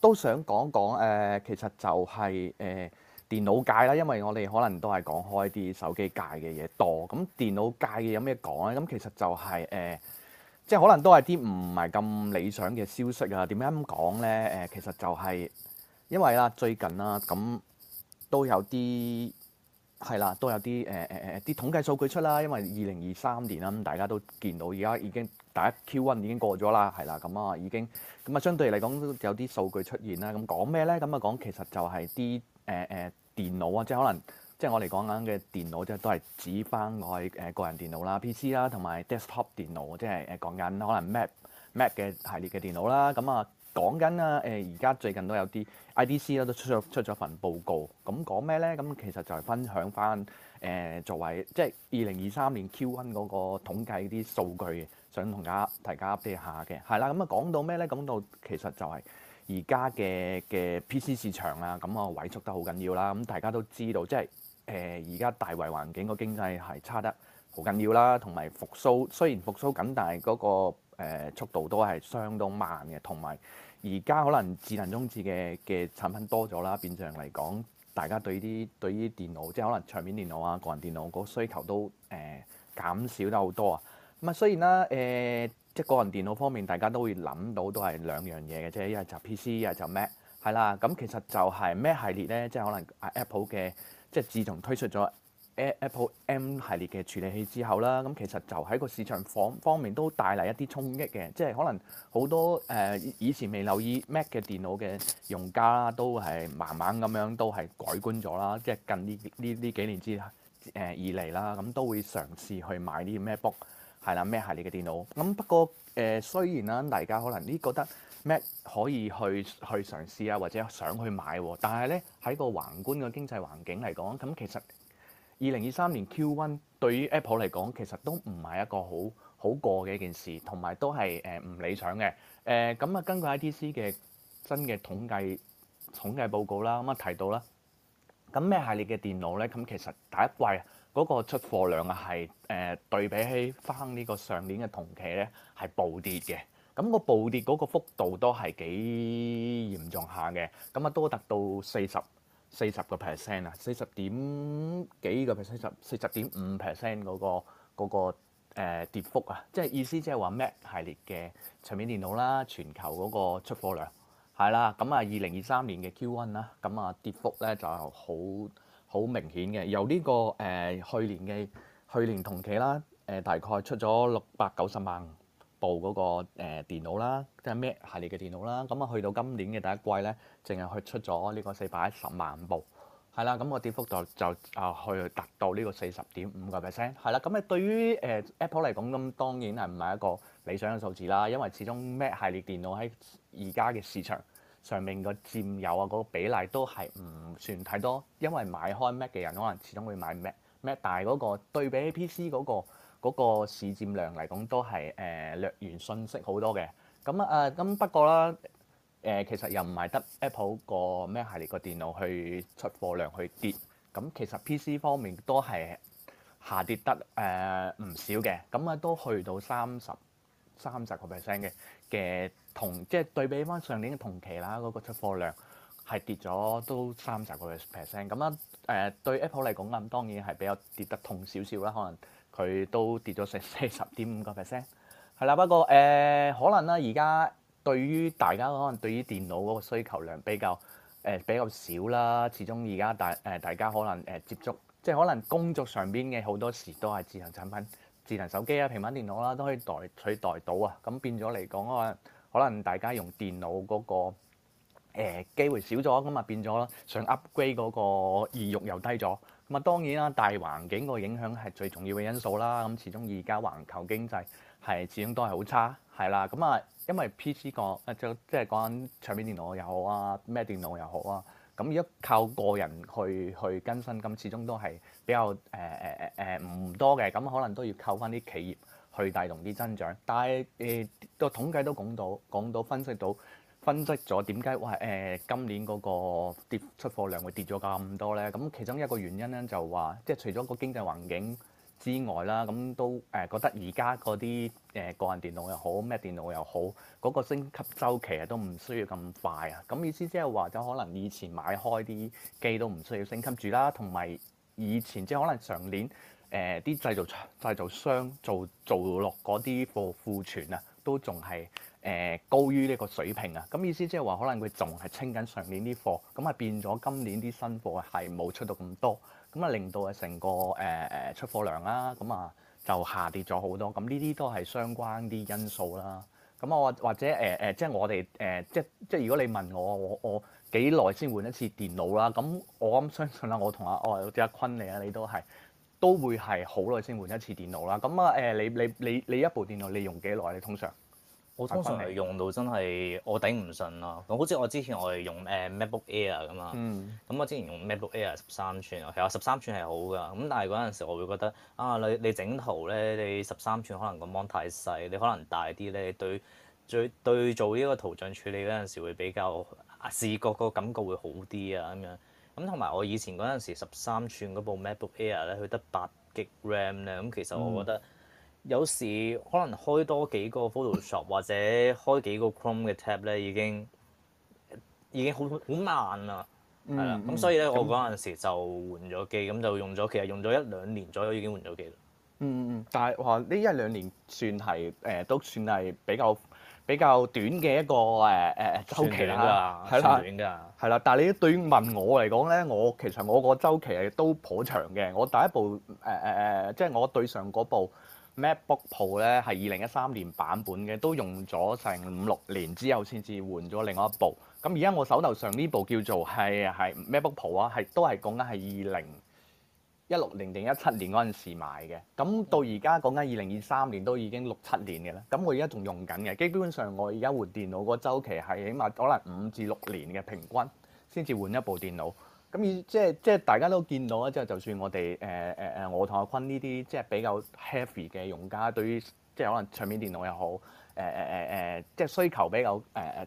都想講講誒，其實就係誒電腦界啦，因為我哋可能都係講開啲手機界嘅嘢多。咁電腦界嘅有咩講咧？咁其實就係誒，即係可能都係啲唔係咁理想嘅消息啊。點解咁講呢？誒，其實就係因為啦，最近啦，咁都有啲。係啦，都有啲誒誒誒啲統計數據出啦，因為二零二三年啦，咁大家都見到，而家已經第一 Q1 已經過咗啦，係啦，咁、嗯、啊已經，咁、嗯、啊相對嚟講都有啲數據出現啦，咁講咩咧？咁啊講其實就係啲誒誒電腦啊，即係可能即係我嚟講緊嘅電腦，即係都係指翻我誒個人電腦啦，PC 啦，同埋 desktop 電腦，即係誒講緊可能 Mac Mac 嘅系列嘅電腦啦，咁、嗯、啊。講緊啦，誒而家最近都有啲 IDC 啦，都出咗出咗份報告，咁講咩咧？咁其實就係分享翻誒、呃、作為即係二零二三年 Q1 嗰個統計啲數據，想同大家大家 update 下嘅。係啦，咁啊講到咩咧？講到其實就係而家嘅嘅 PC 市場啊，咁啊萎縮得好緊要啦。咁大家都知道，即係誒而家大圍環境個經濟係差得好緊要啦，同埋復甦雖然復甦緊，但係嗰、嗰個誒速度都係相當慢嘅，同埋而家可能智能終止嘅嘅產品多咗啦，變相嚟講，大家對啲對啲電腦，即係可能桌面電腦啊、個人電腦個需求都誒、呃、減少得好多啊。咁啊，雖然啦，誒、呃、即係個人電腦方面，大家都會諗到都係兩樣嘢嘅，啫，一係就 PC，一係就 Mac，係啦。咁其實就係 Mac 系列咧，即係可能 Apple 嘅，即係自從推出咗。Apple M 系列嘅處理器之後啦，咁其實就喺個市場方方面都帶嚟一啲衝擊嘅，即係可能好多誒、呃、以前未留意 Mac 嘅電腦嘅用家啦，都係慢慢咁樣都係改觀咗啦。即係近呢呢呢幾年之誒以嚟啦，咁、呃、都會嘗試去買啲 MacBook 係啦 Mac 系列嘅電腦。咁不過誒、呃，雖然啦，大家可能呢覺得 Mac 可以去去嘗試啊，或者想去買，但係咧喺個宏觀嘅經濟環境嚟講，咁其實。二零二三年 Q1 對於 Apple 嚟講，其實都唔係一個好好過嘅一件事，同埋都係誒唔理想嘅。誒咁啊，根據 IDC 嘅新嘅統計統計報告啦，咁啊提到啦，咁咩系列嘅電腦咧？咁其實第一季嗰、那個出貨量啊，係、呃、誒對比起翻呢個上年嘅同期咧，係暴跌嘅。咁、那個暴跌嗰個幅度都係幾嚴重下嘅。咁啊，多達到四十。四十個 percent 啊，四十點幾個 percent，十四十點五 percent 嗰個嗰個誒跌幅啊，即係意思即係話 Mac 系列嘅桌面電腦啦，全球嗰個出貨量係啦，咁啊二零二三年嘅 Q1 啦，咁啊跌幅咧就好好明顯嘅，由呢個誒去年嘅去年同期啦，誒大概出咗六百九十萬部嗰個電腦啦，即係 Mac 系列嘅電腦啦，咁啊去到今年嘅第一季咧，淨係去出咗呢個四百一十萬部，係啦，咁、個跌幅度就就啊去達到呢個四十點五個 percent，係啦，咁啊對於誒、呃、Apple 嚟講，咁當然係唔係一個理想嘅數字啦，因為始終 Mac 系列電腦喺而家嘅市場上面個佔有啊嗰個比例都係唔算太多，因為買開 Mac 嘅人可能始終會買 Mac Mac，但係嗰個對比 A P C 嗰、嗰個。嗰個市佔量嚟講都係誒、呃、略遠，信息好多嘅咁啊。咁、呃、不過啦，誒、呃、其實又唔係得 Apple 個咩系列個電腦去出貨量去跌咁，其實 PC 方面都係下跌得誒唔、呃、少嘅。咁啊都去到三十三十個 percent 嘅嘅同即係對比翻上年嘅同期啦，嗰、那個出貨量係跌咗都三十個 percent 咁啦。誒、呃、對 Apple 嚟講咁，當然係比較跌得痛少少啦，可能。佢都跌咗成四十點五個 percent，係啦。不過誒、呃，可能啦，而家對於大家可能對於電腦嗰個需求量比較誒、呃、比較少啦。始終而家大誒、呃、大家可能誒接觸，即係可能工作上邊嘅好多時都係智能產品、智能手機啊、平板電腦啦，都可以代取代到啊。咁變咗嚟講啊，可能大家用電腦嗰個誒機會少咗，咁啊變咗啦，想 upgrade 嗰個意欲又低咗。嘛當然啦，大環境個影響係最重要嘅因素啦。咁始終而家環球經濟係始終都係好差，係啦。咁啊，因為 PC 個即係講緊桌面電腦又好啊，咩電腦又好啊。咁而家靠個人去去更新，咁始終都係比較誒誒誒誒唔多嘅。咁可能都要靠翻啲企業去帶動啲增長。但係誒個統計都講到，講到分析到。分析咗點解話誒今年嗰個跌出貨量會跌咗咁多呢？咁其中一個原因呢，就話，即係除咗個經濟環境之外啦，咁都誒、呃、覺得而家嗰啲誒個人電腦又好，咩電腦又好，嗰、嗰個升級周期都唔需要咁快啊。咁意思即係話，就可能以前買開啲機都唔需要升級住啦，同埋以前即係可能上年誒啲製造製造商做做落嗰啲貨庫存啊，都仲係，誒高於呢個水平啊，咁意思即係話可能佢仲係清緊上年啲貨，咁啊變咗今年啲新貨係冇出到咁多，咁啊令到啊成個誒誒出貨量啦，咁啊就下跌咗好多。咁呢啲都係相關啲因素啦。咁啊或或者誒誒、呃，即係我哋誒、呃、即即係如果你問我我我幾耐先換一次電腦啦？咁我咁相信啦，我同啊我阿阿坤你啊，你都係都會係好耐先換一次電腦啦。咁啊誒你你你你一部電腦你用幾耐，你通常？我通常係用到真係我頂唔順囉。咁好似我之前我係用誒 MacBook Air 咁啊。咁我之前用 MacBook Air 十三、嗯、寸啊，其實十三寸係好噶。咁但係嗰陣時我會覺得啊，你你整圖咧，你十三寸可能個 Mon 太細，你可能大啲咧你對最對，對做呢個圖像處理嗰陣時會比較視覺個感覺會好啲啊咁樣。咁同埋我以前嗰陣時十三寸嗰部 MacBook Air 咧，佢得八 G RAM 咧。咁其實我覺得、嗯。有時可能開多幾個 Photoshop 或者開幾個 Chrome 嘅 tab 咧，已經已經好好慢啦。係啦，咁所以咧，嗯、我嗰陣時就換咗機，咁就用咗。其實用咗一兩年左右已經換咗機啦、嗯。嗯嗯，但係話呢一兩年算係誒、呃，都算係比較比較短嘅一個誒誒、呃、週期啦，係啦，係啦的。但係你對於問我嚟講咧，我其實我個週期係都頗長嘅。我第一部誒誒誒，即、呃、係、呃係、我對上嗰部。MacBook Pro 咧，係二零一三年版本嘅，都用咗成五六年之後先至換咗另外一部。咁而家我手頭上呢部叫做係係 MacBook Pro 啊，係都係講緊係二零一六年定一七年嗰陣時買嘅。咁到而家講緊二零二三年都已經六七年嘅啦。咁我而家仲用緊嘅，基本上我而家換電腦個周期係起碼可能五至六年嘅平均先至換一部電腦。咁而即係即係大家都見到啦，即係就算我哋誒誒誒，我同阿坤呢啲即係比較 heavy 嘅用家，對於即係可能桌面電腦又好，誒誒誒誒，即係需求比較誒誒、呃、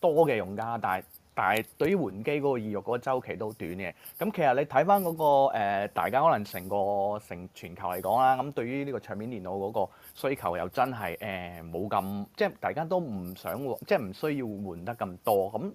多嘅用家，但係但係對於換機嗰個意欲嗰個週期都短嘅。咁其實你睇翻嗰個、呃、大家可能成個成全球嚟講啦，咁對於呢個桌面電腦嗰個需求又真係誒冇咁，即係大家都唔想即係唔需要換得咁多咁。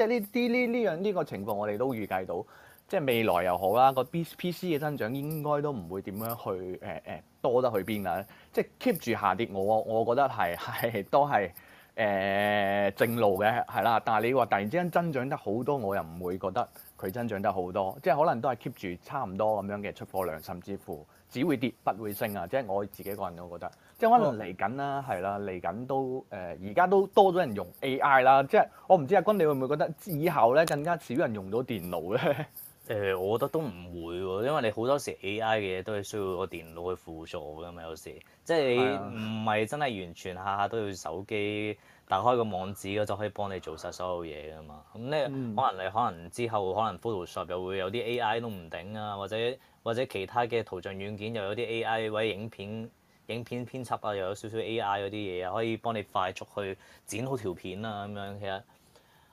即係呢啲呢呢樣呢個情況，我哋都預計到，即係未來又好啦，個 PC 嘅增長應該都唔會點樣去誒誒、呃、多得去邊啊！即係 keep 住下跌，我我覺得係係都係誒、呃、正路嘅係啦。但係你話突然之間增長得好多，我又唔會覺得佢增長得好多，即係可能都係 keep 住差唔多咁樣嘅出貨量，甚至乎。只會跌不會升啊！即係我自己個人，都覺得，即係可能嚟緊啦，係啦、哦，嚟緊、啊、都誒，而、呃、家都多咗人用 AI 啦。即係我唔知阿君，你會唔會覺得之後咧更加少人用到電腦咧？誒、欸，我覺得都唔會喎，因為你好多時 AI 嘅嘢都係需要個電腦去輔助㗎嘛。有時即係你唔係真係完全下下都要手機打開個網址就可以幫你做晒所有嘢㗎嘛。咁你可能你可能之後可能 Photoshop 又會有啲 AI 都唔定啊，或者～或者其他嘅圖像軟件又有啲 AI 或者影片影片編輯啊，又有少少 AI 嗰啲嘢啊，可以幫你快速去剪好條片啊咁樣。其實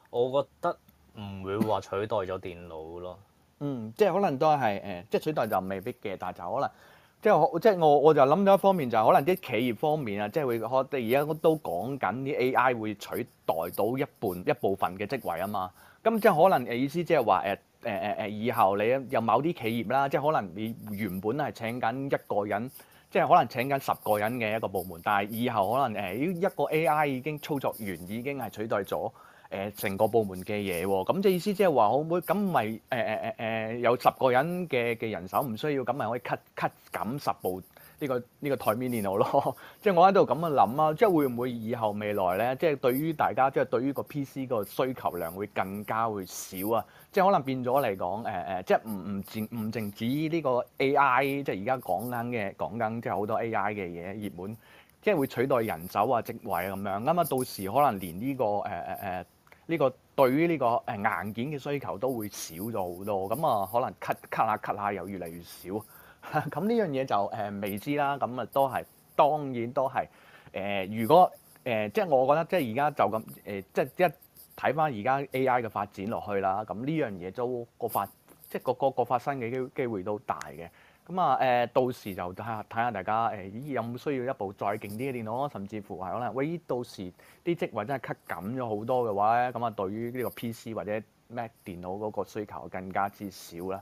我覺得唔會話取代咗電腦咯。嗯，即係可能都係誒，即係取代就未必嘅，但係就可能即係我即係我我就諗咗一方面就係可能啲企業方面啊，即係會可，而家都講緊啲 AI 會取代到一半一部分嘅職位啊嘛。咁即係可能誒意思即係話誒。誒誒誒，以後你有某啲企業啦，即係可能你原本係請緊一個人，即係可能請緊十個人嘅一個部門，但係以後可能誒，一個 AI 已經操作完，已經係取代咗誒成個部門嘅嘢喎。咁即係意思即係話可唔可以？咁咪誒誒誒誒，有十個人嘅嘅人手唔需要，咁咪可以 cut cut 減十部。呢個呢個台面電腦咯，即係我喺度咁樣諗啊，即係會唔會以後未來咧，即係對於大家即係對於個 PC 個需求量會更加會少啊？即係可能變咗嚟講誒誒，即係唔唔唔淨止呢個 AI，即係而家講緊嘅講緊即係好多 AI 嘅嘢熱門，即係會取代人手啊、職位啊咁樣。咁啊，到時可能連呢個誒誒誒呢個對於呢個誒硬件嘅需求都會少咗好多。咁啊，可能 cut cut 下 cut 下又越嚟越少。咁呢 樣嘢就誒未知啦，咁啊都係當然都係誒、呃，如果誒、呃、即係我覺得即係而家就咁誒，即係、呃、一睇翻而家 AI 嘅發展落去啦，咁呢樣嘢都個發即係個個個發生嘅機機會都大嘅。咁、嗯、啊誒，到時就睇下睇下大家誒、欸、有冇需要一部再勁啲嘅電腦，甚至乎係可能喂，到時啲職位真係 cut 減咗好多嘅話咧，咁、嗯、啊對於呢個 PC 或者 Mac 電腦嗰個需求更加之少啦。